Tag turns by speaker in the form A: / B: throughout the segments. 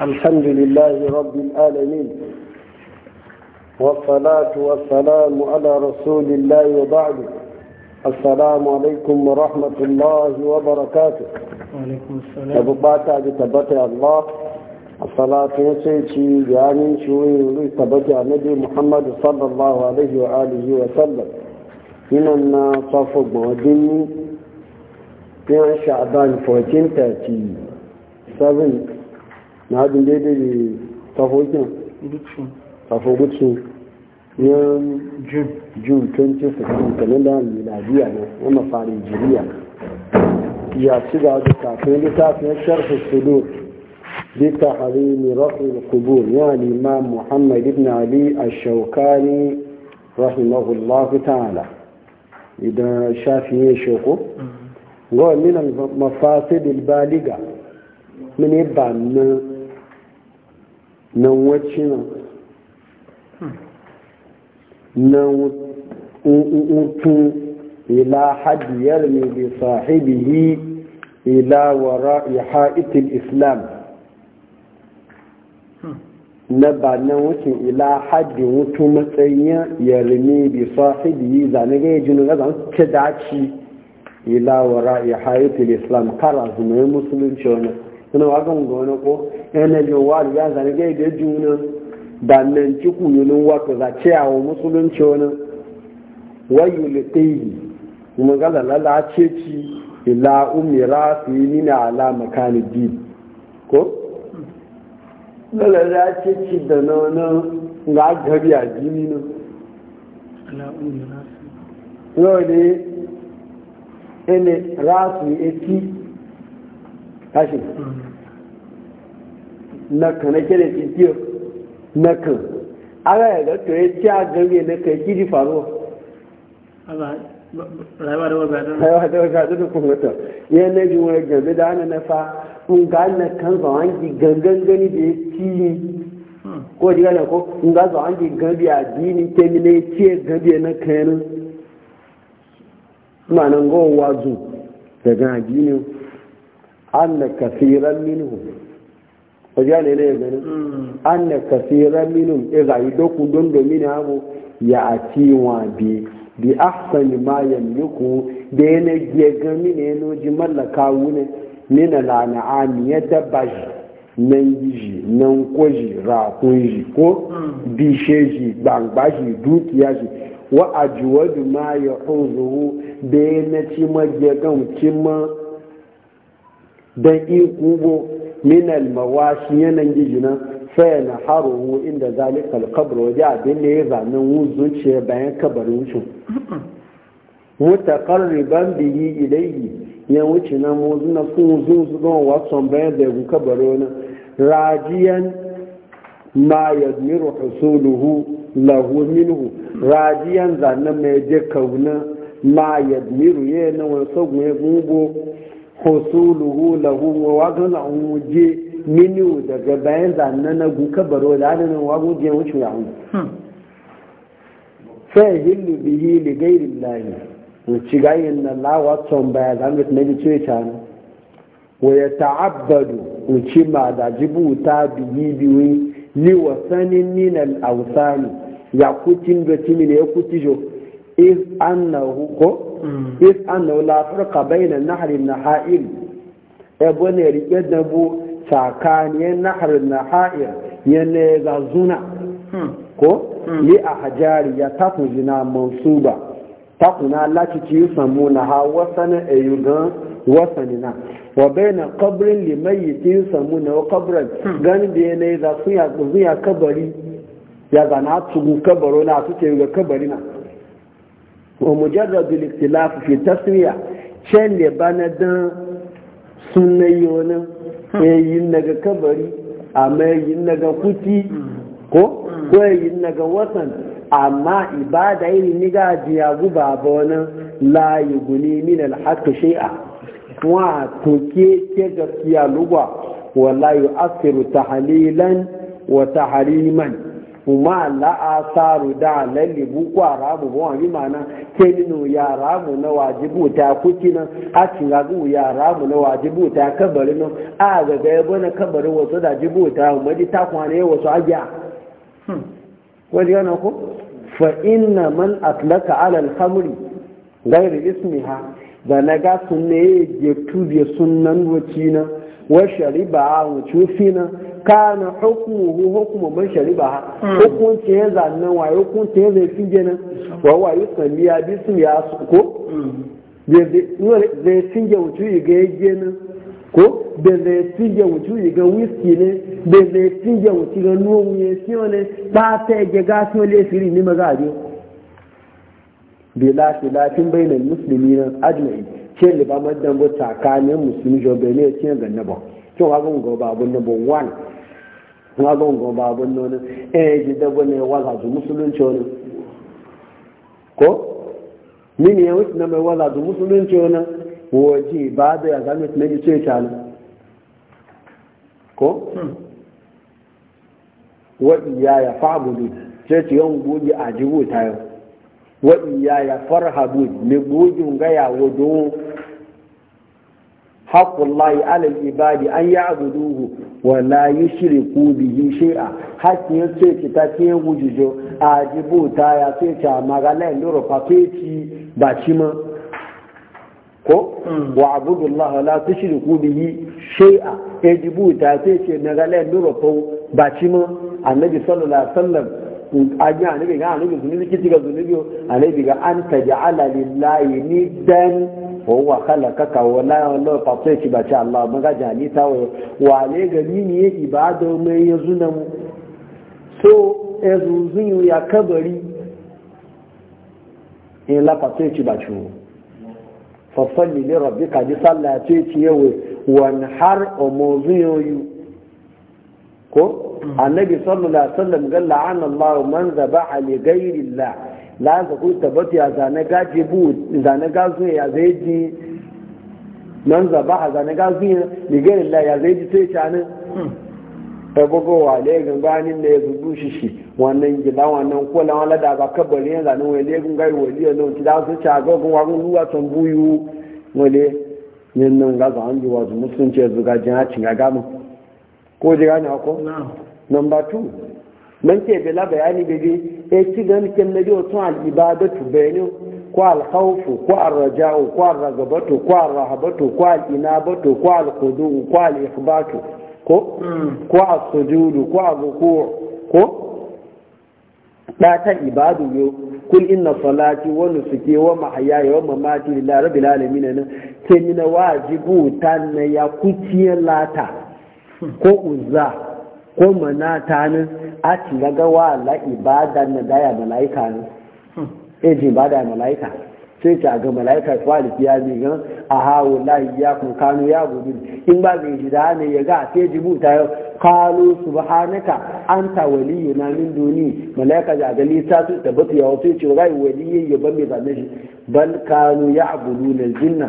A: الحمد لله رب العالمين والصلاة والسلام على رسول الله وبعد السلام عليكم ورحمة الله وبركاته وعليكم السلام أبو باتا بتبتع الله الصلاة نسيتي يعني شوي تبتع نبي محمد صلى الله عليه وآله وسلم من النصف مودني في شعبان 1437 na abin daidai da tafokin tafogutsu yan june 2016 kalenda miladiya ne wanda farin jiriya ya ci ga da kafin littafin sharhu sudur بتحريم رفع القبور يعني الإمام محمد بن علي الشوكاني رحمه الله تعالى إذا شافي شوكو قال من المفاسد البالغة من يبان nan wacce nan utu ila hadiyar ne bi sahibihi ila wara ha'itul islam na ba nan wacce ila haddin wutu matsayin yarmi bi sahibihi zane ga yajin zan ta dace ila wara ha'itul islam kara zumayen musulunci wani suna wa gan eh, ga wani ko ene yi wa da ya zarge da juna da nan ci kuyunin wato za ce a wa musulunci wani wayu litayi kuma ga lalala ce ci ila umira su n'i na ala makani di ko lalala ce ci da na wani ga gari a jini na ala umira su yau ne ene rasu eti kashi na kana kere titiyo na kan ara ya ga to ya ci a gari na kai kiri faruwa rayuwa da wadda da kuma wata ya na ji wani gabe da ana na fa in ga na kan zawon ki gangan gani da ya ci hmm. ko ji gane ko in ga zawon ki gabi a dini kemi na ya ci gabi na kayanin ma nan gowa wazu daga adinin anna kasiran minhum wajen ne ne ganin mm. anna kasiran minhum e za yi doku don domin abu ya a wa bi bi ahsani ma yamliku da yana gega mini yana ji mallaka wune nina lana amiya dabba shi nan yiji nan kwaji ra ji ko mm. bishe ji gbangba ji dukiya ji wa ajuwadu ma ya hunzuhu da yana ci ma gegan ma. don ikubo minal mawashi yanan gijina faya na haruhu inda zalika alkabar waje abin da ya zanen ce bayan kabarin wucin mutakarriban biyi ilayhi ya wuce na mozu na sun wuzu su don watson bayan da yagu rajiyan ma yadmiru husuluhu lahu minhu rajiyan zanen mai je kauna ma yadmiru yana wani sagun ya hosuluhu lahu wa wagon je minu daga bayan zanne na guka baro da adana wagon je wucin ya hun hmm. sai hillu bihi li gairi lahi wuci gayin na lawa son baya zamit na bi ce ta wa ya ta'abbadu wuci ma da ta biyi biyu ni wa wasanin ninal ausani ya kucin ga ne ya kucijo is annahu ko Mm. is annahu la farqa bayna nahri nahail ebo ne rike dabu tsakanin nahri nahail yana zuna. Hmm. ko hmm. li hajari ya tafujina mansuba takuna lati ci samu na ha wasana eyugan na. wa bayna qabrin li mayyitin samu na qabran hmm. gani da yana za su ya kabari ya zana tugu kabaro na su ce ga kabari na wa mujarradu al-ikhtilaf fi taswiya ne bana dan sunayyonin yayin eh, naga kabari amma yayin naga kuti ko ko yayin naga watan amma ibada iri ni ga jiya guba ba wani la yuguni min al-haqq shay'a wa to ke ke gaskiya lugwa wala yu'athiru tahlilan wa tahriman kuma saru da lallibu ko arabu ba wani mana kelinu ya arabu na wajibu ta kuki nan a cingagu ya arabu na wajibu ta kabari nan a gaga ya bane kabari wasu da jibu ta umarji ta kwane wasu ajiya hmm. wani yana ku fa inna man atlaka alal hamri gairi ismiha da na ga sunne ya je tubiya sunan wacina wa shariba a wucufina kana hukmuhu hukumu man sharibaha hmm. hukunci ya zannan waye hukunci ya zai fige nan wa waye salliya bisu ya su ko hmm. zai fige wuce ga yage nan ko da zai fige wuce ga whisky ne da zai fige wuce ga nuwan ya shi ne ba ta yage gasu ne siri ne maza a biyu bila filafin bainar musulmi nan ajmai ce liba madan bu tsakanin musulmi jobe ne ce ga nabon kyau ga gungo ba abun nabon one na gongon babun nonin eh ji dabo ne wala zu musulunci wani ko mini e ya wuce na mai wala zu musulunci wani waje ba da ya zama na ji ce cani ko hmm. waɗi ya ya fa'abudu ce ce yan goji a jibu tayo waɗi ya ya farhabu ne gojin gaya wa حق الله على ibadi an يعبدوه ولا يشركوا به شيئا shay'a hakki ya وجوجو ki ta ke wujujo a jibuta ya ta ko hmm. wa abudullahi la tushriku bihi shay'a e jibuta ce ce magala ndoro fa ba ci annabi sallallahu alaihi wasallam anya annabi ga annabi kiti wa huwa khalaqaka wa la wala fa ki ba ce Allah mun ga jani ta wa wale ga ne ya ibada mai ya zuna mu so ezuzun ya kabari in la fa ki ba ce fa salli li rabbika ji salla ce ci yawe wan har umuzun yu ko mm. annabi sallallahu alaihi wasallam galla la'ana Allah man zabaha li ghayri Allah la za ku tabbata ya zane gaji zane ya zai ji nan zaba a zane gazu ya ni ga ya zai ji sai canin ta gogo wa da ya zubu shi shi wannan gida wannan kola wala da ba ya zane wai le gan gai ya nan kida su ca ga gun wagun ruwa buyu wale yin nan ga ji wasu musulunci ya zuga jin hacin ga ko man ce bela bayani bebe e ci gan kin na jiwa tun al'ibadatu bayani ko alkhawfu ko arraja'u ko arragabatu ko arrahabatu ko al'inabatu ko alqudu ko al'ikhbatu ko ko as ko ar-ruku' ko da ta ibadu yo kul inna salati wa nusuki wa mahyaya wa mamati lillahi rabbil alamin nan ke mina wajibu ya kuciye lata ko uzza ko mana ta ni a ci gaga wa la ibada na daya malaika ne hmm. eji ibada ibada malaika sai ta ga malaika kwaliki ya ne gan a hawo layi ya kun kano ya gudu in ba zai ji da ne ya ga sai jibu ta yau kalu subhanaka anta na min duni malaika ya ga lisa su tabbata ya wato ce rai waliyyi ya ban mai zanne shi bal kanu ya'buduna aljinna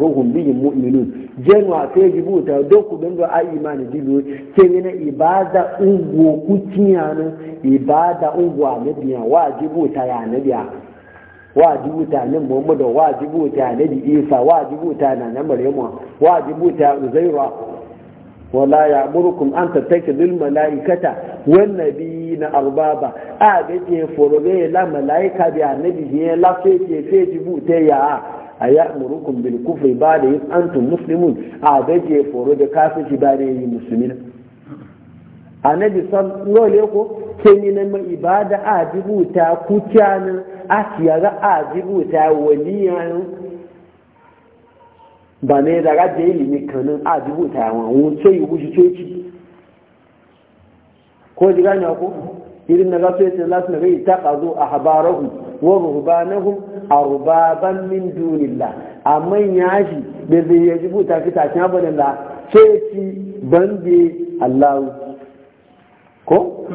A: ruhun biyun mu'minun jenwa sai jibu ta do ku dan a imani jibu sai ne ibada ungo kuciya ibada ungo ne biya wajibu ta ya na biya wajibu ta nan muhammadu wajibu ta da isa wajibu ta na na maryamu wajibu ta uzaira wala ya'murukum an tattakidu malaikata wan nabiyina arbaba a ga ke forobe la malaika bi annabi ne la ke ke ke jibu te ya a ya'murukum bil kufri ba da yin antum muslimun a ga ke forobe kafirci ba da yin muslimin annabi sallallahu alaihi ko ke na ma ibada a jibuta kuciyana a tiyara a ta waliyan ba ne da gaje ilimi kanin a jibuta wa wuce yi wuce coci ko ji gane ko irin na gaso yace Allah na gai ta qazu ahbarahum wa ruhbanahum arbaban min dunillah amma yaji da zai yaji buta kita kan bada la sai ci bande Allah ko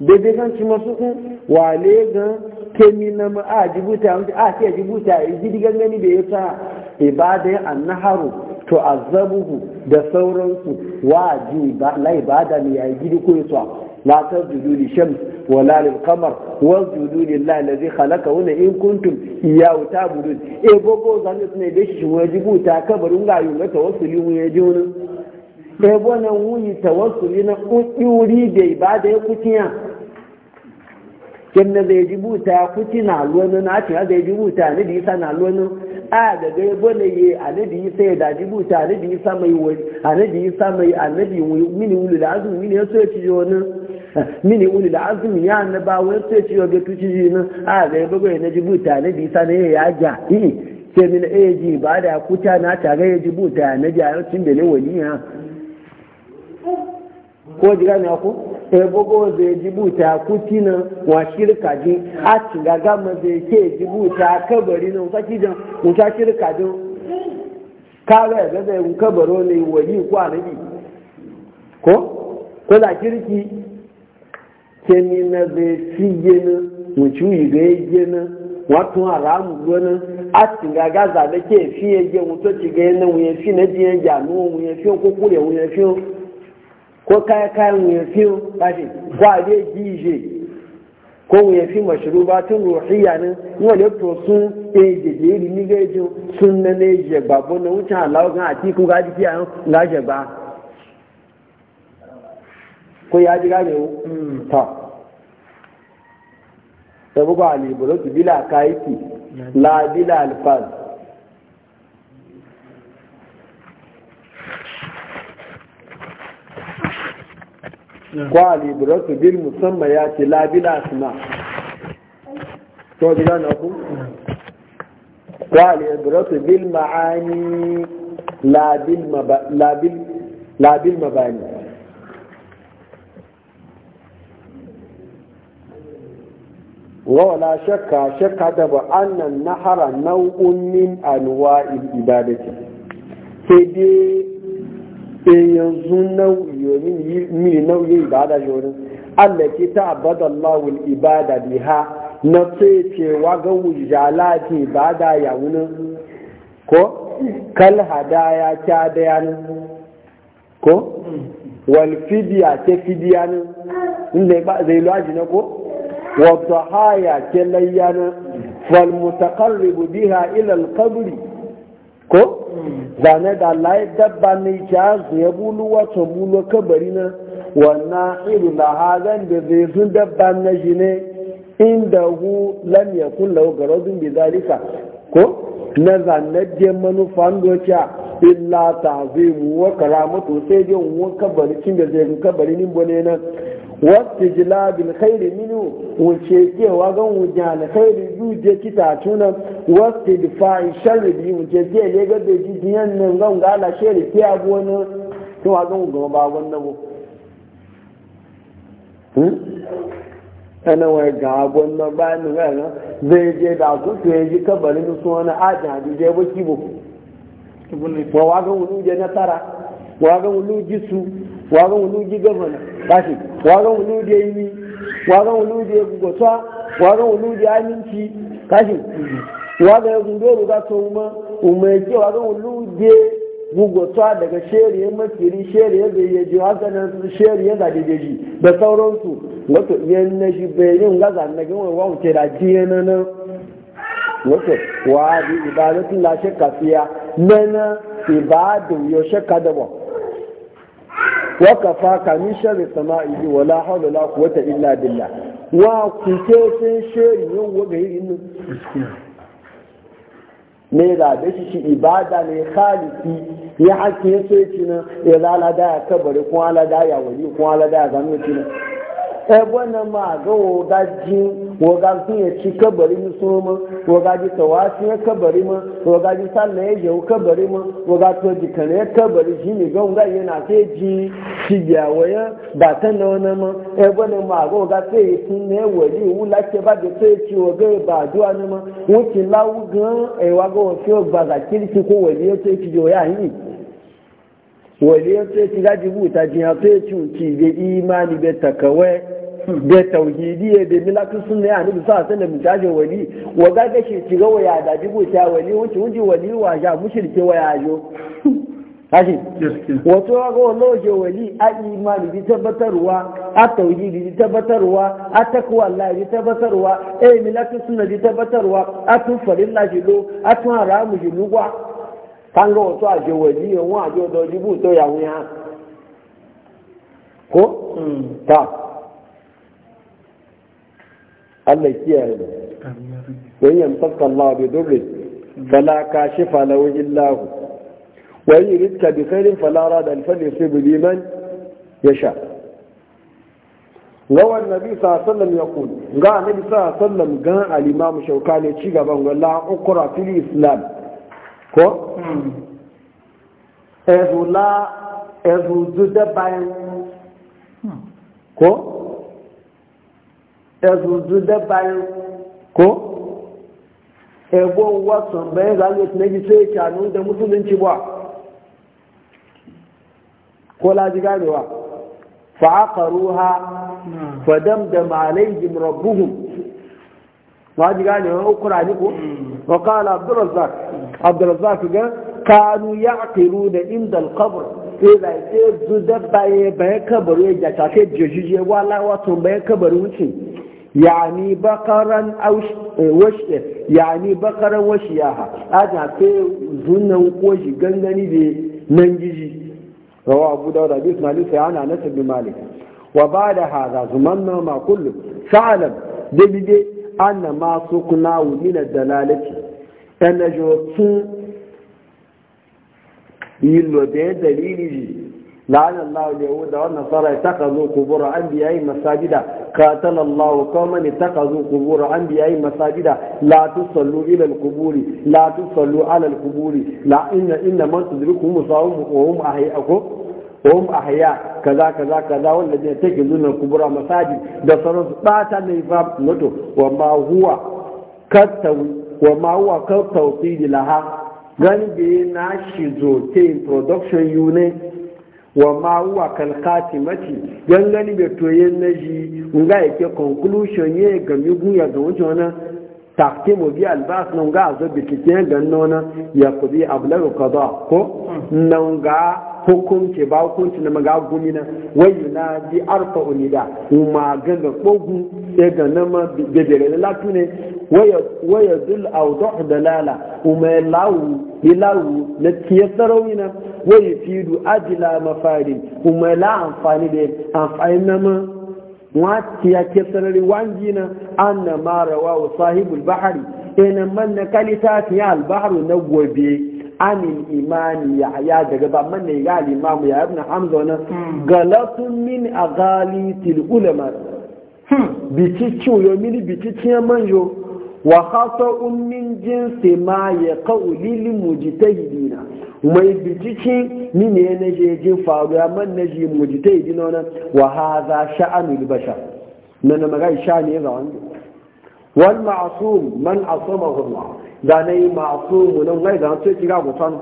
A: daidai hmm. kan ci masu kun wale gan kemi na ma a jibuta wanda a ke jibuta a yi digan gani da ya sa ibadai annaharu to azabuhu da sauransu wa ji la ibada ne ya yi gidi ko ya la tasjudu li shams wala lil qamar wasjudu lillahi alladhi khalaqahu in kuntum wuta budu e gogo suna ne da shi wajibuta kabarin ga mata wasu limu ya ji wani ɗaya nwunye wuyi tawassuli na ƙuri da ibada ya kuciya kemna zai ndị buta kuci na alwani na ce zai ji buta ne da isa na alwani a da gai gwane ye anabi isa ya daji buta anabi isa mai wani anabi isa mai anabi mini wuli da azumi mini ya soya ci wani mini wuli da ya annaba wani soya ci wani tuci ji a na ji anabi isa na ya ja sai ya eh ji ba da na tare ya ji buta a yau cin da ya ko ji gane ku ebe bogo zai ji buta kuti na wa shirka ji a cinga gama zai ke ji buta kabari nan saki jan wuta shirka jan kaga ya gaza yin kabaro ne ko ko da kirki na zai fiye nan wuci yi ga yi watu gona gaza da ke fiye ci ga na na ko kaya kayan wuyafi kashi ko abe gije ko wuyafi mashiru ba tun ruhiyya ne wani to sun eje da iri ni gajin sun na ne je ba bo na wucin halawa gan a tikun ga jiki a ga je ba ko ya ji gane wu hmm, ta sabu ba alibulatu bila kaiki la bila alfaz kwali burasu bil musamman ya ce labila suna tobi gane ku kwali burasu bil ma'ani labil mabani wala shakka shakka da ba annan nahara nau'un min anuwa ibadati sai dai yanzu mini nauyi ibada Allah ke ta abada lawul ibada biha na cewa ga ke ibada ya wunin ko kal hadaya ta dayanin ko wal fidiya ta fidiyanin inda ba zai laji na ko wa dhahaya ta layyanin wal mutaqarribu biha ila al qabri ko zane da layi dabba ne kya su ya bulu wata bulu kabari na wannan irin lahagan da zai sun dabba na shi ne inda hu lam ya kulla ga razun bi zalika ko na zane da manufan doka illa ta zai mu wa karamatu sai dai wa kabari kin da zai kabari nin bone nan wasu jilabin khairi minu wuce kewa gan wujen alkhairi zuje kita tuna wasu difa'i sharri biyu wuce ke ne ga da jijiyan nan gan gala shari ke abuwa na kewa gan wujen ba wannan bu hmm? ana wai ga gwamna bayan da yana zai je da ku to yaji kabarin su wani ajin hadije ba kibo wa ga wulu je nasara wagan wulu jisu wagan wuluji gabana kashi wagan wuluji yimi e wagan wuluji gugotwa wagan wuluji aminci e kashi wagan yagun doro ga to uma uma yake wagan wuluji gugotwa daga sheriye makiri sheriye bai yi haka nan sheriye da deji da sauransu wato yan na shi bai yin gaza na gin wa wuce da jiyana nan wato wa bi ibadatun la shakka fiya nana ibadu yo shakka Wakafa kafaka min sharri sama'i wala hawla wala quwwata illa billah wa kuke sun sheri yau waga yi nan me da da shi ibada ne khaliki ya ake so yake nan ya lalada ya kabari kuma alada ya wali kuma alada ya zanu yake nan e wannan ma ga wo gajin waga sun ya ci kabari musulman waga ji tawafi ya kabari ma waga ji na ya jau kabari ma waga to jikana ya kabari shi ne ga waga yana sai ji cibiya waya ba ta na wani ma ya e gwada ma ga waga sai yi sun ne wali wula ba da sai ci waga ya ba duwa na ma wuce lawu ga ewa waga wasu ba za kirki ko wali ya yi ci jau yi wali ya sai ci gaji buta jiya sai ci da imani bai takawai da tauhidiyya da milatu sunna ya nabi sa sallam jaje wali wa gaga ga shi shiga waya da jibu ta wali wuce wuce wali wa ja mushrike waya jo haji wato ga wallahi je wali a imani bi tabbatarwa a tauhidi bi tabbatarwa a takwa Allah bi tabbatarwa e milatu sunna bi tabbatarwa a tun farilla jilo a tun haramu jilo gwa kan ga wato a wali won a je do jibu to ya ko mm. ta Allah kiyaye wa yanfaka Allah bi durri fala kashifa lahu illa hu wa yuridka bi khairin fala rada al fadl yusib bi man yasha ga wannan nabi sallallahu alaihi yaqul ga nabi sallallahu alaihi ga al imam ne ci gaban wala ukra fil islam ko ezula ezuzu da bayan ko ẹ̀zùzù dẹ́bàáyán kó ẹ̀gbọ́n wọ́sàn bẹ́ẹ̀ ránlẹ̀ tí méjì tó àánú dẹ mùsùlùmí wà ko láti gáàrùwà fàákàrú ha fàdẹ́mdẹ̀mà àlẹ́yìn rọ̀bùhùn wọ́n ti gáàrùwà ó kúrò àníkò wọ́kàlá abdulrazak abdulrazak gan kanu ya da indal kabur ila ce zu dabba ya jata ke tun bayan yani bakaran washe yani yaha aja fe zunan koshi gangani da nan gizi rawa abu dauda bi ismail sai ana nasa bi malik wa ba da haza zumanna ma kullu sa'alam da bide anna ma sukuna min ad-dalalati ana jo tun yilo da dalili لعن الله اليهود والنصارى اتخذوا قبور انبيائهم مساجدا قاتل الله قوما اتخذوا قبور انبيائهم مساجدا لا تصلوا الى القبور لا تصلوا على القبور لا ان ان من تدركهم مصاهم وهم احياءكم وهم احياء كذا كذا كذا والذين يتخذون القبور مساجد ده صاروا باتا نيفاب نتو وما هو كالتو وما هو كالتوصيل لها غنبي ناشي زوتين برودكشن يوني wa ma huwa kal khatimati yan gani da toyen na shi nga yake conclusion ye ga mi guya ga wani na mu bi albas nan a zo bi kike ga wani ya kudi ablagu kaza ko Na nga hukunci ba hukunci na maga gumina wayu na bi arfa unida ma ga kogu ya ma bebere la ne waya dul awdah dalala kuma lawu ilawu na tiye sarauni na waya fidu ajila mafari kuma la amfani da amfani na ma wati ya ke sarari wangi na an na mara wa sahibul bahari ina man na kalita ta ya albaharu na gobe Amin, imani ya ya daga ba man ne ga limamu ya ibn hamza wannan galatun min aghali til ulama bici ciwo mini bici ciyan manjo wa khata'un min jinsi ma ya qawli lil mujtahidina mai bicici ni ne na je je faru ya man na je mujtahidina wannan wa hadha sha'anul bashar nan magai sha'ani ga wanda wal ma'sum man asamahu Allah da ne ma'sum nan gai ga sai kira san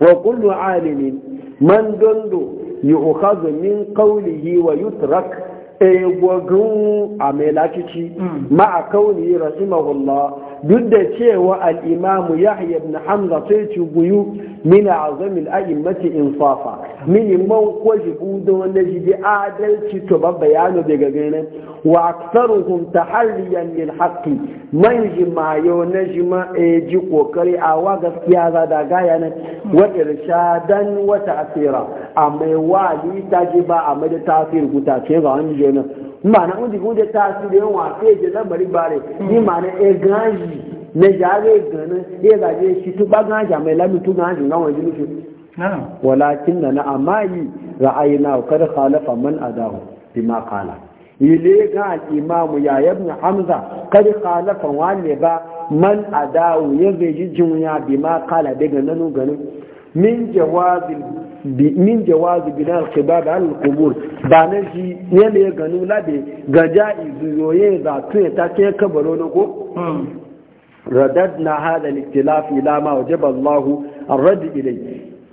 A: wa kullu alimin man dondo yu'khadhu min qawlihi wa yutrak egwagun a mai lakici rasu mm. kauni rahimahullah duk da cewa al'imamu yahya na hamza sai ci guyu mini azamin a'immati insafa mini man kwaji budo na jidi adalci to ba bayano daga ganin wa aksaruhum taharriyan lil haƙƙi man jimayo na ji e ji kokari a wa gaskiya za da gaya nan mm. wa irshadan a ta'sira amma wa ji ba amma da tafsir guta ce ga wani kenan ma'ana wanda kuma ta su da yawa sai je lamari bare ni hmm. mana e ganji na jare ganin ya zaje shi tu ba ganja mai lami tu ganji na wani nufi walakin na amma yi ra'ayi kar khalafa man adahu bima qala ile ga ya ibn hamza kar khalafa wani ba man adahu ya zai ji jinya bima qala daga nanu ganin min jawazil min jawazi bina al-qibab al qubur ba na ji ne ne ganu labe ga ja'izu yoye za tu ta ke kabaro na ko hmm. radadna hada al-ikhtilaf ila ma wajaba Allah ar-rad ilay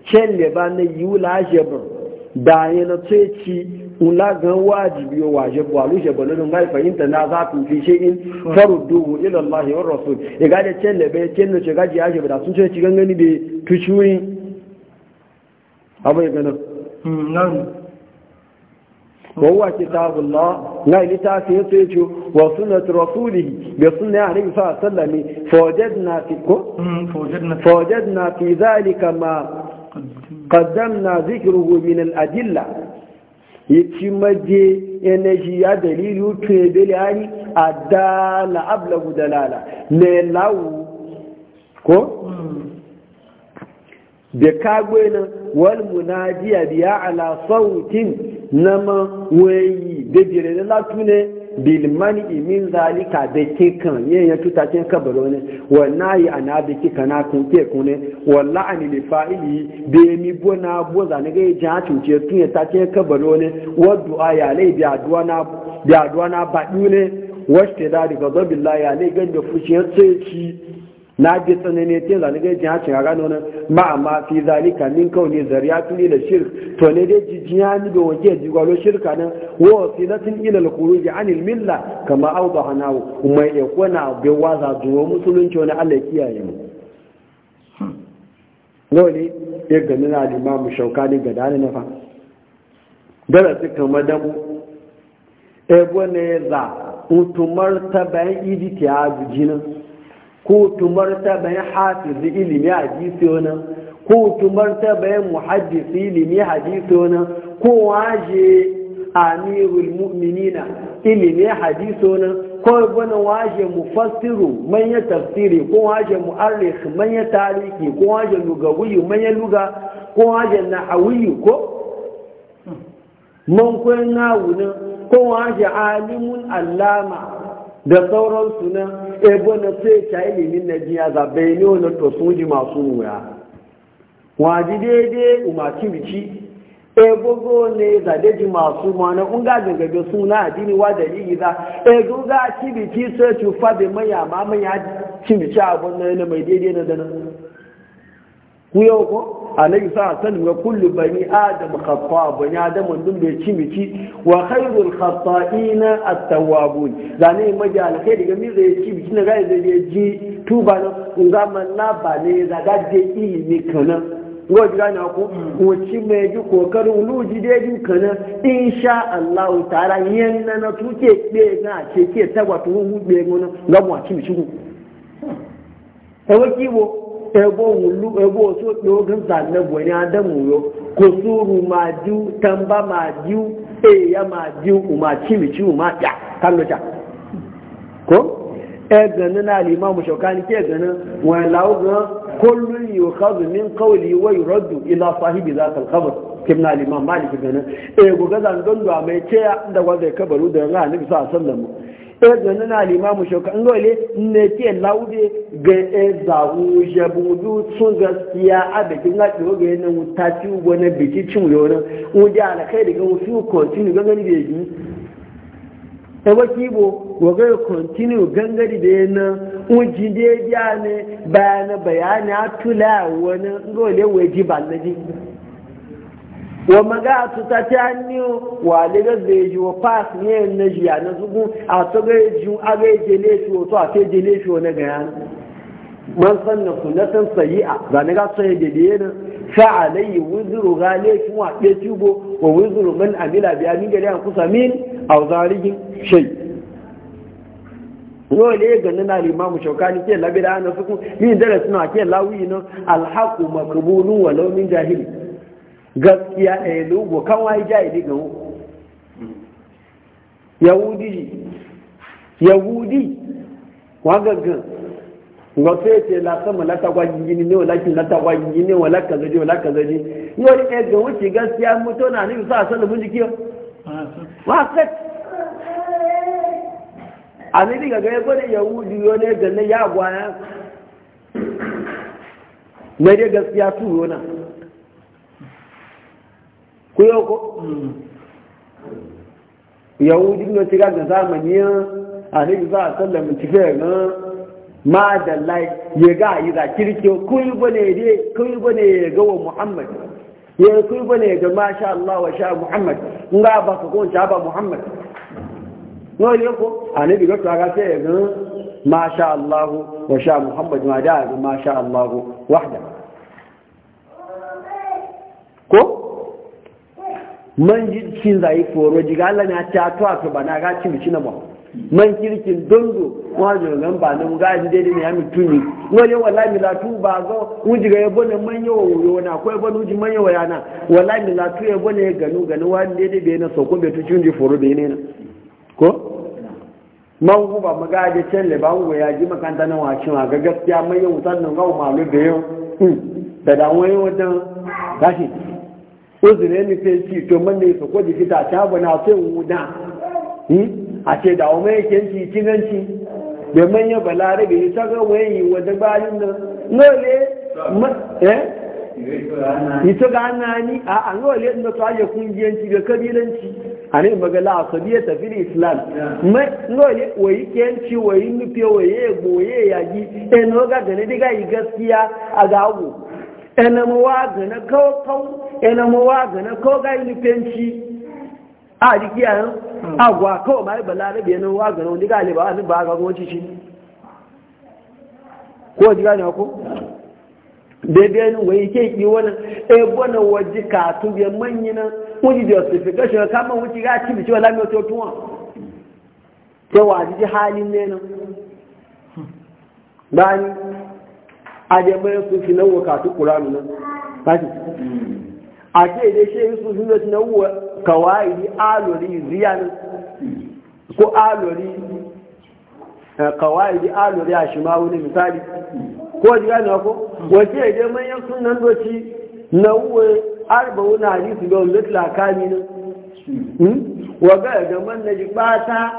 A: ken le ba na yula jabr da yana ci ula ga wajibi yo wajibi walu jabr nan ga fahimta na za ku fi shay'in hmm. farudduhu ila Allah wa rasul e ga da ken le be ken no ce ga ji da sun ce ci gangani be tuchuyin abai ganin hmm, nan wawa kitabullah na littafi yato yato wa sunnat rasulihi bi sunna ya nabi fa sallami fawajadna fi ko hmm, fawajadna fi zalika ma qaddamna zikruhu min al adilla yace maje energy ya dalilu to bele ani adala ablagu dalala ne lawu ko da kagwe na wal munadiya biya ala sautin nama wayi da dire da latu ne bil mani min zalika da kikan kan yin ya tuta cin kabaro ne wa nayi ana da ke na kun ke kun ne walla ani li fa'ili da mi bona boza ne ga ja tuce tun ya ta cin kabaro ne wa du'a ya lai bi addu'a na bi addu'a na badu ne wa shi da daga zabillahi ya lai ganda fushi ya tsaye na ji tsanani te zanen ga jin hacin a gano nan ma amma fi zalika min kauni zariya tuni da shirk to ne dai jiya ni da waje jigwalo shirka nan wa silatin ila al-khuruj an al-milla kama awdaha nahu kuma ya kona bi waza zuwa musulunci wani Allah kiyaye mu dole ya gani na limamu ne ga dani na fa su kamar damu ebo ne za utumar ta bayan idi ta jinan ko tumarta bayan hafizi ilimi hadisi wani ko tumarta bayan muhaddisi ilimi hadisi wani ko waje amirul mu'minina ilimi hadisi wani ko wani waje mufassiru manya tafsiri ko waje mu'arrikh manya tarihi ko waje lugawiyu manya luga ko waje nahawiyu ko man koyan nawu ko waje alimun allama da sauran suna ebo na sai ta ilimin na jiya bai ne wani tosun ji masu wuya waji daidai umarci biki ebo go ne da ji masu mana un ga gangabe suna addini wa da yi za e ci biki sai tu fa maya ma maya ci bici na yana mai daidai na dana. ku yau ko alayhi sa sallam ga kullu bani adam khata bani adam dun bai ci miki wa khairul khata'ina at-tawwabun zane maji alkhairi ga mi zai ci miki na ga zai ji tuba na kunga na ba ne za ga je ilimi kana ji jira ko ko ci mai ji kokarin luji dai ji kana insha Allah ta'ala yanna na tuke be na ce ke tagwatu hu be gona ga mu ci miki ko ko. ebo wulu ebo osu ɗogin zanne gwani adamu yo ko suru ma ju tamba ma ju eya ma ju uma cimici uma ya kan lota ko e ganin na limamu shaukani ke ganin wani lau ganin kullum yukhadhu min qawli wa yuraddu ila sahibi zat al-qabr kimna al-imam malik ganin e goga zan don da mai ce da wanda kabaru da ran nabi sallallahu alaihi wasallam ẹgbẹ̀ nínú alìmọ́mù ṣọ̀kan lóòlé nẹ́tí ẹ̀láwúdé ga ẹzàwú ṣẹbùdú tún gaskiya abẹ̀kí láti oge ẹni mu ta tí ó gbọ́nà bèkí tún yọ náà wọn jẹ́ àlàkà ìdíkan wọn fíw kọ̀ntínú gangan níbi èyí ẹwọ́ kí ibo wọ́gẹ́ kọ̀ntínú gangan níbi èyí náà wọn jí déédéé ní bayani bayani atúlẹ̀ àwọn lóòlé wọ́n jí bàlẹ́jì wa maga a tuta ta hannu wa liga zai ji wa fas ne na jiya na zugu a to ga ji a ga jele shi to a sai jele shi na ga na, man sanna sunnatan sayi'a ga ne ga yi da yana na a layi wuzuru ga ne wa be tubo wa wuzuru man amila biya min gari an kusa min a zarihi shai yau ne ga nan al imamu shaukani ke labira na suku min darasuna ke lawi na alhaku haqu maqbulu walau min jahili gaskiya ɗaya lugu kan wayi jahili ga wu yahudi yahudi wagaggan wato ya ce la sama la tagwa gini ne wala kin la tagwa gini wala kaza ji wala kaza ji yau e ɗaya ga wuce gaskiya mutu na nufi sa sanin mun jiki wa kat a ne ga ya gwada yahudi yau ne ga ya gwaya na dai gaskiya tuyo na kuyoko yahudin da shiga da zamaniyar annabi za a sallama tafiya na ma da lai ya ga yi za kirki kuyi bane ne kuyi bane ya ga wa muhammad ya kuyi bane ya ga sha Allah wa sha muhammad nga ba ka gonta ba muhammad no ne ko annabi ga kaga sai ya ma sha Allah wa sha muhammad ma da ma sha Allah wahda ko man jirkin zai foro jiga Allah na ta to a ba na ga ci cina ba man kirkin dondo wajo gan ba nan ga ji dai ne ya mutuni no yo wallahi mi latu ba go u ga ya ne man yo yo na ko yabo uji man yo ya na wallahi mi latu yabo ne ganu ganu wa dai dai bai na so ko tu, tuci ji foro be ne na ko man ku ba maga je can le ba ku ya ji makanta na wa cin ga gaskiya man yo tan nan ga malu hmm. da yau da da wani wajen gashi uzure mi fe ci to man ne so ko ji fita ta bana fe wuda hmm a ce da umma yake ci cinanci da manya balare bai ta e eh? ga wayi wanda bayin nan ngole eh ita ga nani a an ngole inda to aje kungiyanci da kabilanci ane magala a sabiya tafiri islam mai ngole wayi kenci wayi nufe waye e goye yaji eno ga gane diga yi gaskiya a gawo enamawa gane kawo ina mu gana koga ga ilifanci a rikiya yan agwa kawai mai balarabe yana wa gana wani galiba wani ba ga gwanci shi ko e ji gane ko daidai ne ke yi wani ebona waje katu na kama a fi nan wakatu kuranu a ce da shi sun suna na wuwa kawai alori ziyan ko alori eh, kawai di alori a shi ma wani misali ko ji gane ko wace da manyan sunan doci na wuwa arba wani hadisi ga wani kami nan wa ya ga man na ji bata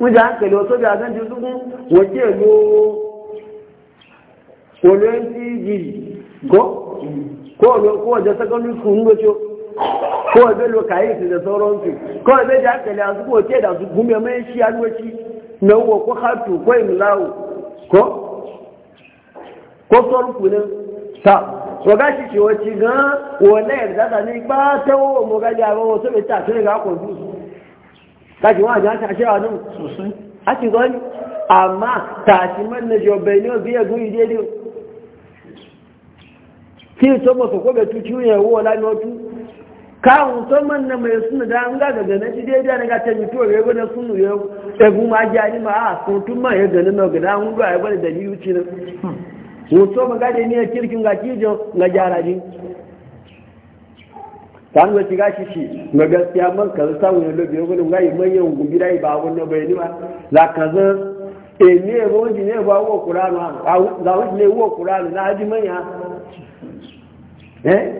A: mun hankali wato da zan ji zugun wace lo olenti jiri ko kowa da secondary school ne ce kowa da lokaci da sauransu kowa da da hankali a zuwa ke da su gume mai shi ya lokaci na uwa ko hatu ko imlawo ko ko sorku ne ta waga shi ce wace gan wala yarda da ni ba ta wo mu ga ya ba wasu bai ta tun ga ko du ka ji wa ja ta shi a nan sosai a ci gani amma ta ci man na jobe ne zai gudu daidai ki n sọmọ sọkọ bẹ tu tiwọn yẹn ka ọlá ní ọdún káwọn sọmọ nà mọ ẹsùn nìdá na gà gàgà náà ti dé dé ànàgà na tó rẹ ẹgbẹni sùn ma ẹgún máa ma a máa sùn tún mọ ẹgbẹ nínú ọgẹdà ń lọ ẹgbẹni dẹbí yìí ti nà wọn sọmọ gáde nga ara ji tàn wọ́n ti ká ṣiṣi nga gaskiya man kan sáwọn yẹn lóbi nga yìí mọ yẹn gùn bí láyé bá wọn náà bẹ̀rẹ̀ níwá làkàzán èmi ẹ̀rọ oúnjẹ ní ẹ̀rọ eh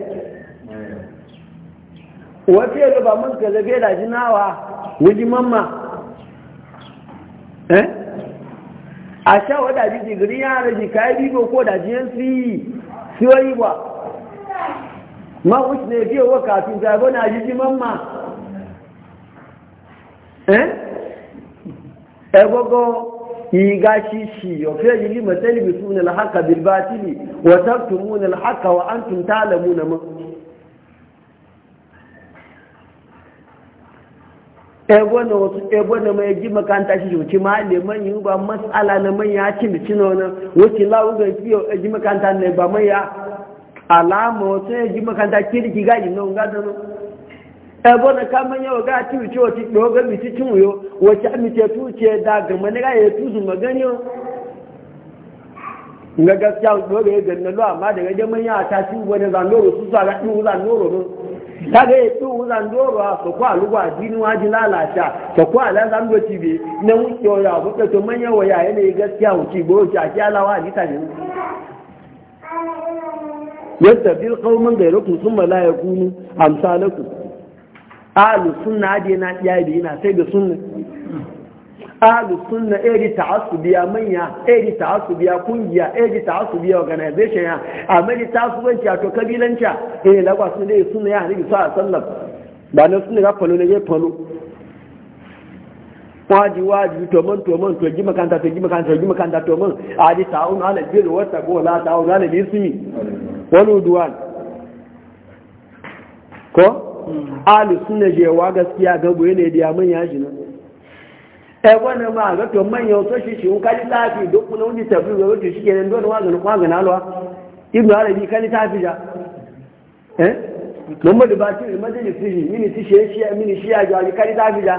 A: wafi ya gaba mun ka zabe da jinawa wuji mamma eh? a sha wada ji digiri ya raji kayi bigo ko da jiyan si siwari ba ma wuce ne fiye wa kafin zabo na ji mamma eh egogo gashi shi wa fi yajili matalbisu na alhaka bil batili wa taktumuna alhaka wa antum ta'lamuna ma ebo na wasu ebo na mai ji makanta shi wuce ma leman yi ba matsala na manya cin da cino na wuce lawu ga fiye ji makanta ne ba manya alama wasu ya ji makanta kirki gaji na unga da nan ebo na kama yawa ga ti uci wati doga miti cin uyo wace amite tu ce da gama ne ga ya tuzu magani yo nga gaskiya doga ya ganna lo amma daga jaman ya ta ci wani zandoro su sa ga ɗin zandoro ne ta ga ya ɗin zandoro a su kwa lugwa dini waji lalata ta kwa la zando ci bi na wuce wa ya buɗe to manya wa ya yanayi gaskiya wuce ba wuce a ci kyalawa a jita ne yadda bil kauman gairakun sun mala ya kunu amsalakum Alu sunna ade na iya bi ina sai da sunna ahlu sunna eri asubiya manya eri asubiya kungiya eri asubiya organization ya asubanci a to kabilanci eh da e, sun dai sunna ya halibi sa sallam ba na sunna ga falo ne ya falo waji waji to man to man to gima kanta to gima kanta to gima kanta to man adi ta'un ala bir wata taqwa la ta'un ala bismi wal duwan ko Hmm. ahli sunna gaskiya ga boye ne ya manya shi nan ẹgbọ́n náà máa lọ́tọ̀ manya tó ṣíṣe n kájí láàfin ìdókùn náà ń di tẹ̀bí rẹ̀ na ṣíṣe ẹni lọ́nà wà gànà wàgànà alọ́wà ibùdó ààrẹ bíi kájí láàfin ìjà ẹ́ mọ́mọ́dé bá tí ìmọ́tẹ́jì fìyì mí ti ṣe é mí ni ṣí àjọ àjọ kájí láàfin ìjà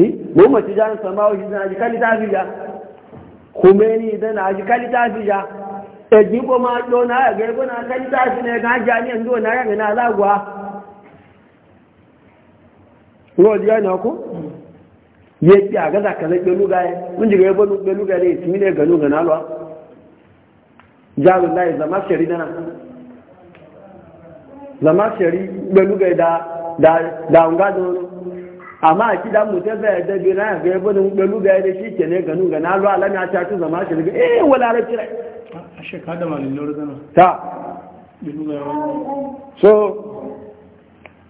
A: ní mọ́mọ́ ti já máa ó ṣiṣẹ́ àjọ kájí na ìjà kòmẹ́ni ìdáná àjọ kájí ko ji gane ko ye ti aga da kala ke luga ye mun ji ga bonu ke luga ne ti ne ga luga na lo jalu lai zama shari na zama shari ga luga da da da unga do amma a kidan mutum zai da bi na ga bonu ke luga ne shi ke ne ga luga na lo alami a ta zama shari ga eh wala rafi rai a shekada malin lura zana ta so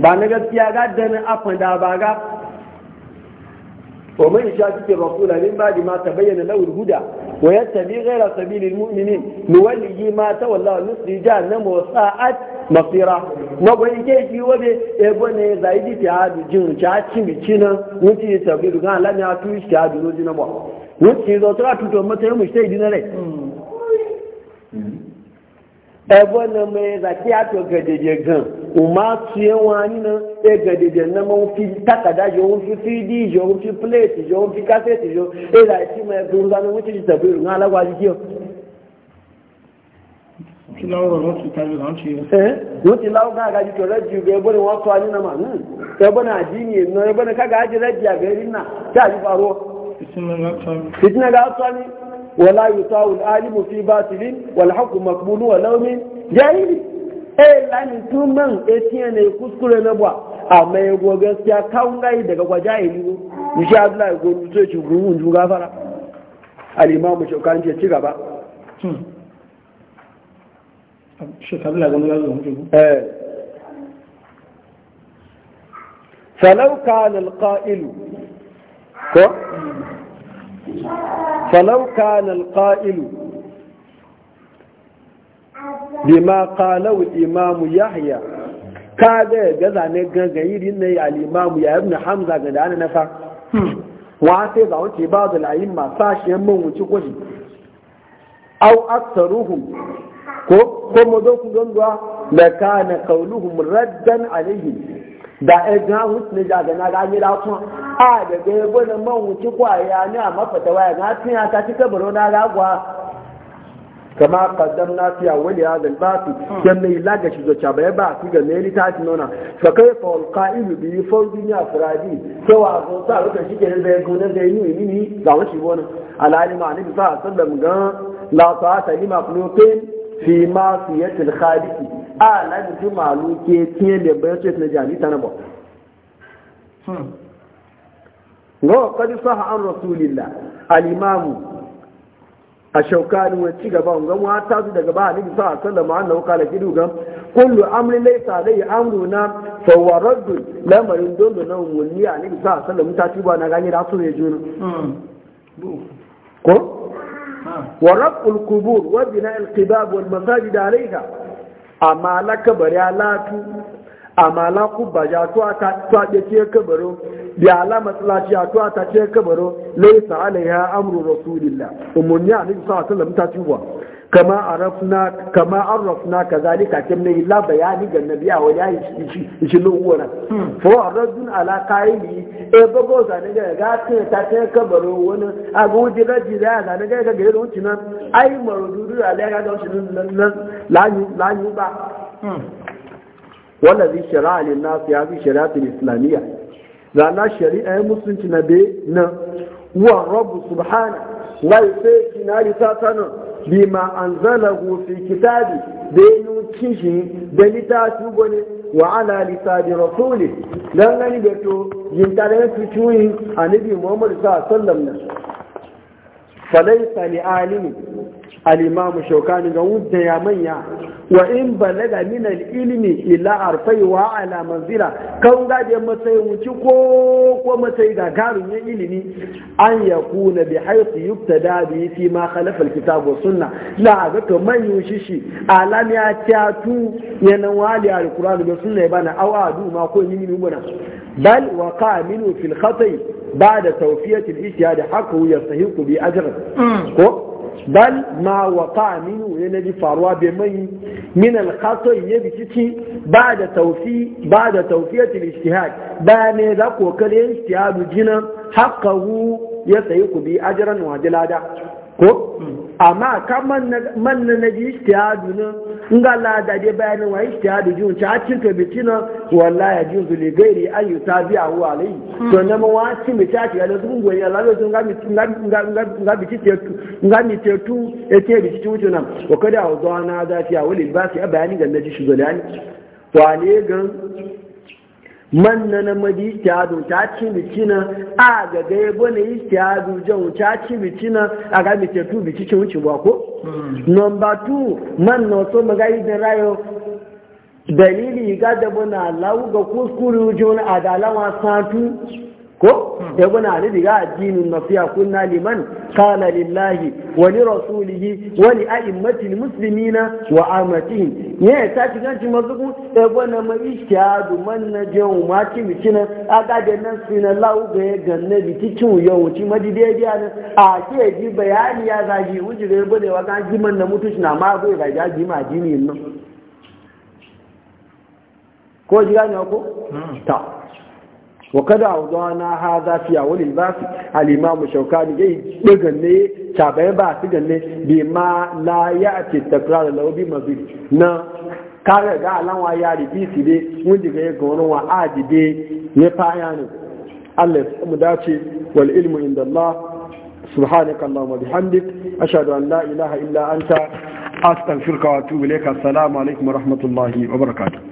A: ba na gaskiya ga dani afan da ba ga wa mai sha kike rasula min ba ma tabayyana bayyana lawul huda wa yattabi ghayra sabili al-mu'minin nuwallihi ma tawalla nusri jahannam wa sa'at masira Ma gwai ke ki wabe e bone zaidi Ta hadu jin cha chimi china wuti tabiru ga lanya tu shi hadu no jina ba wuti zo tra to mata mu shi dinare hmm. ebe na mai zaki a to gadede gan uma tuye wani na e gadede na ma fi takada jo un fi cd jo un fi plate jo un fi cassette jo e la e ti ma e dun zanu wuce ji tabi run ala gwaji kiyo ti lawo ro ti tabi ran eh? ti eh wo ti lawo ga ga ji to reji be bo ni won so ani na ma hmm? nan e bo na adini no e bo na ka ga ji reji a ri na ta ji faro fitina ga so wala yutawul alimu fi batilin wal haqqu maqbulu wa law min jahili eh lani tun man etiye ne kuskure na bwa amma ya go gaskiya kan gai daga kwa jahili insha Allah go tuce ci gurun ju ce ci gaba ko falau kana alqa'ilu bima yahya kada ga zane gagayirin ne al-imam ya ibn hamza ga dana nafa wa sai ba wuce ba da la'imma sashiyan mun wuce kwashi au aksaruhu, ko ko mu zo ku ganduwa la kana qawluhum raddan alaihim da ya ga wuce ja ga na gani da kuma a da ga ya gwada man wuce kwaya ne a mafata waya na tun ya tafi kabaro na ragwa kama kaddam na fiya wani ya zan basu yan mai lagashi zo zoca bai ba su ga mai litafi nuna ka kai faul ka'ilu biyu faul duniya furadi sai wa zo sa ruka shi ke zai gudan zai yi ni ni ga wani wani alalima ne a sallam ga la ta ta lima fi ma fiyatil khaliki a lati ji malu ke tiye da bayan ce na jami ta na ba hmm. ga wakadi saha an rasulillah alimamu a shaukani wa ci gaba ga mu ta su daga ba alibi sa'a sallama an nauka da kidu ga kullu amri laisa zai amru na fawaraddu lamarin dole na umarni a alibi sa sallama ta ci ba na gani da su ne juna hmm. ko ورفع القبور وبناء wal masajid alayha amma la kabari ya latu amma la kubba ya tuwa ta ce kabaro bi ala matsalaci ya tuwa ta ce kabaro laisa alaiha amru rasulillah umarni a nufi sa ta lamta ciwa kama arafna kama arafna kazalika kin ne la bayani ga nabi a wani ayi shi shi lowona hmm. fo arradun ala qaili e bago zane ga ga ta ta ta kabaro wani agu jira jira ya zane ga ga gero cinan ai marududu a ga ga shi nan Lanyu ba. Hmm. wanda zai shari'a ne na nas ya bi shari'at islamiyya za shari'a ya musulunci na be na wa rabu subhanahu sai ta kinari satanin bima an zala fi kitabi da ya nuci shi da littafi gwani wa ala da rasuli don gani da to yin tare ya fi cuyi a nabi muhammadu sa sallam nan falaisa ni alimi alimamu shaukani ga wuta ya manya wa in balaga min ilimi ilmi ila arfai wa ala manzila kan gaje matsayi wuci ko ko matsayi gagarun ya ilimi an yakuna bi haythu yubtada bi fi ma khalafa al-kitab wa sunna la ga to man yushishi alam ya tatu yana wali al-qur'an da sunna bana aw adu ma ko ni ni bana bal wa qamilu fil khata'i ba'da tawfiyati al-ijtihad haqqu yastahiqu bi ajrin mm. ko بل ما وقع منه ينادي إيه فاروا بمن من الخطا يبتتي بعد توفي بعد توفيه الاجتهاد بان ذاك وكل اجتهاد جنا حقه يسيق به اجرا وجلادا ko amma ka man na ji ishtihadu ne in ga lada dai bayanin wa ishtihadu ji wuce hacin to bici na wallahi ya ji wuce ne gairi an yi ta biya wa alayi to na ma wa ci mai ci ga lasu gungun ya lalo sun nga bici teku ga mi tu ya ce bi ci wuce nan wa kada a zuwa na zafi a wani ba su ya bayani ga na ji shi zolani to a ne gan man na na madi istihadu ta ci bicina a ga ga yabo na istihadu jan ta ci bicina a ga mi tetu bici cin wuce ba ko mm. number 2 man na so maga idan rayo dalili ga da bana lawu ga kuskure wuce wani adalawa satu ko hmm. ya guna ni diga addinin nasiya kunna liman kana lillahi wa li rasulihi wa li a'immati muslimina wa amatihim ne ta ci ganci mazugu ya guna ma ishadu man na jewu ma ci a aga da nan sina lau ga ya ganna biti ci ma dide madidediya ne a ke ji bayani ya zagi wuji ga bude wa ga ji man na mutu na ma go ga ja ji ma ji ne nan ko ji ga ne ko hmm. ta وقد أوضعنا هذا في أول الباس الإمام الشوكاني جاي يغني شابين باس يغني بما لا يأتي التكرار له بمزيد نا kare ga alanwa ya ribisi dai mun diga ya ga wani wa'adi dai ne faya ne Allah ya mu dace wal ilmu inda Allah subhanaka Allahumma bihamdik ashhadu an la ilaha illa anta astaghfiruka wa atubu ilayka assalamu alaikum wa rahmatullahi wa barakatuh